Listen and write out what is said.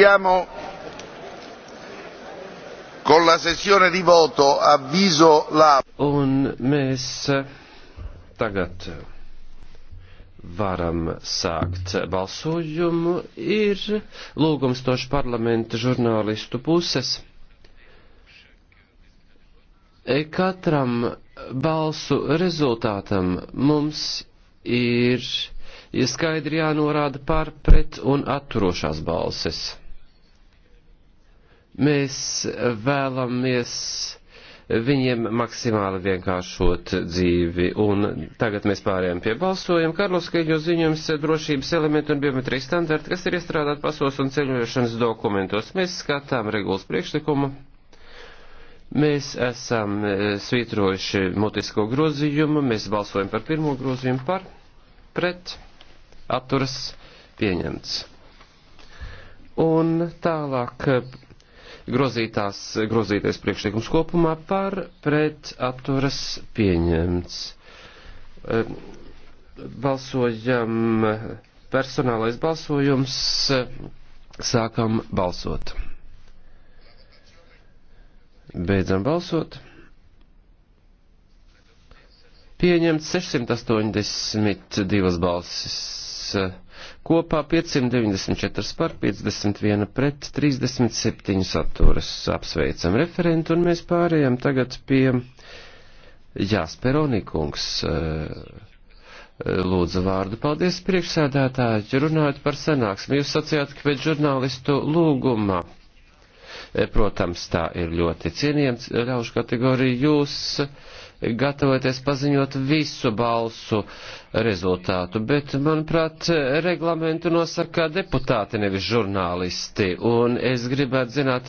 Procediamo con la sessione di voto avviso la. Un mēs tagad varam sākt balsojumu. Ir lūgums toši parlamenta žurnālistu puses. Katram balsu rezultātam mums ir ja skaidri jānorāda par pret un atturošās balses. Mēs vēlamies viņiem maksimāli vienkāršot dzīvi. Un tagad mēs pārējām pie balsojuma. Karlos Keļo ziņojums drošības elementu un biometrijas standarti, kas ir iestrādāti pasos un ceļošanas dokumentos. Mēs skatām regulas priekšlikumu. Mēs esam e, svītrojuši mutisko grozījumu, mēs balsojam par pirmo grozījumu par, pret, atturas, pieņemts. Un tālāk grozītās, grozītais priekšlikums kopumā par pret atturas pieņemts. Balsojam personālais balsojums, sākam balsot. Beidzam balsot. Pieņemts 682 balsis. Kopā 594 par 51 pret 37 saturas apsveicam referentu un mēs pārējām tagad pie Jāsperonikungs. Uh, eh, eh, Lūdzu vārdu. Paldies priekšsēdētāji, runājot par sanāksmi. Jūs sacījāt, ka pēc žurnālistu lūguma E, protams, tā ir ļoti cienījams ļaužu kategorija. Jūs gatavoties paziņot visu balsu rezultātu, bet, manuprāt, reglamentu nosaka deputāti, nevis žurnālisti. Un es gribētu zināt,